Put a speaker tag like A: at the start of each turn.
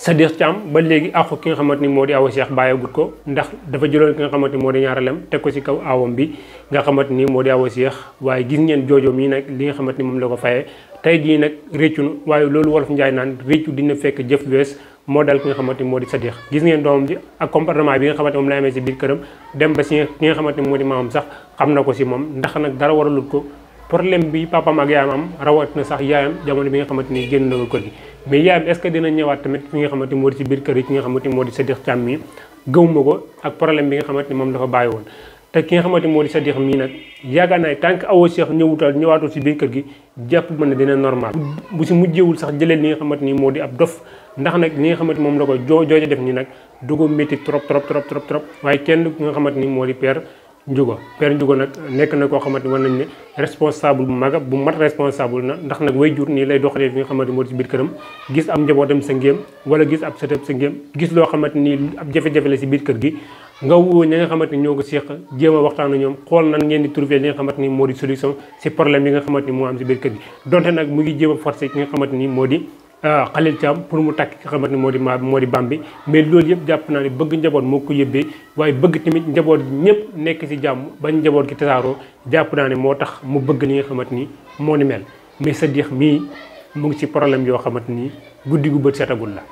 A: sa Sadikh Thiam ba léegi àqu ki nga xamante ni moo di awa Cheikh bàyyagut ko ndax dafa jëloo ki nga xamante ni moo di ñaaralem teg ko ci kaw awam bi nga xamante ni moo di awa Cheikh waaye gis ngeen joojoo mii nag li nga xamante ni moom la ko fayee tey jii nag réccu na waaye loolu wolof njaay naan réccu dina fekk jëf moo dal ki nga xamante moo di Sadikh gis ngeen doomam ji ak comportement bi nga xamante moom la amee si biir këram dem ba si ki nga xamante ni moo di maamam sax xam na ko si moom ndax nag dara waralut ko poroblème bi papaam ak yaayam am rawat na sax yaayam jamono bi nga xamante ni génn na ko kër gi mais yaayam est ce dina ñëwaat tamit nga xamante moo di ci biir kër yi ki nga xamante moo ko ak problème bi nga xamante ni moom dafa bàyyi woon te ki nga xamante moo di sa dix mii nag yaakaar naa tant que Awa Cheikh ñëwutal ñëwaatul ci biir kër gi jàpp mën sax jëlee li nga xamante ni moo di ab dof ndax nag li nga xamante moom la ko joo jooja def ni nag du ko métti trop trop trop trop trop waaye kenn ki nga xamante ni moo di père Ndiouga père Ndiouga nag nekk na koo xamante war nañ ne responsable bu mag bu mat responsable na ndax nag way jur nii lay doxalee fi nga xamante moo ci biir këram gis ab njabootam sa ngéem wala gis ab sëtam sa ngéem gis loo xamante ni ab jafe-jafe si biir kër gi nga woo ñi nga xamante ni ñoo ko séq a waxtaan ak ñoom xool nan ngeen di trouver li nga xamante ni moo di solution si problème yi nga xamante ni moo am si biir kër gi donte nag mu ngi jéem a forcé ki nga xamante ni moo di Khalil euh, Thiam pour mu takk ki nga ne moo di ma moo di bi mais loolu yëpp jàpp naa ne bëgg njaboot moo ko yëbbee waaye bëgg tamit njaboot ñëpp nekk ci jàmm ba njaboot gi tasaaroo jàpp naa ne moo tax mu bëgg li nga xamante ni moo ni mel mais Sadikh mii mu ngi ci problème yoo xamante ni guddi gu bët setagul la.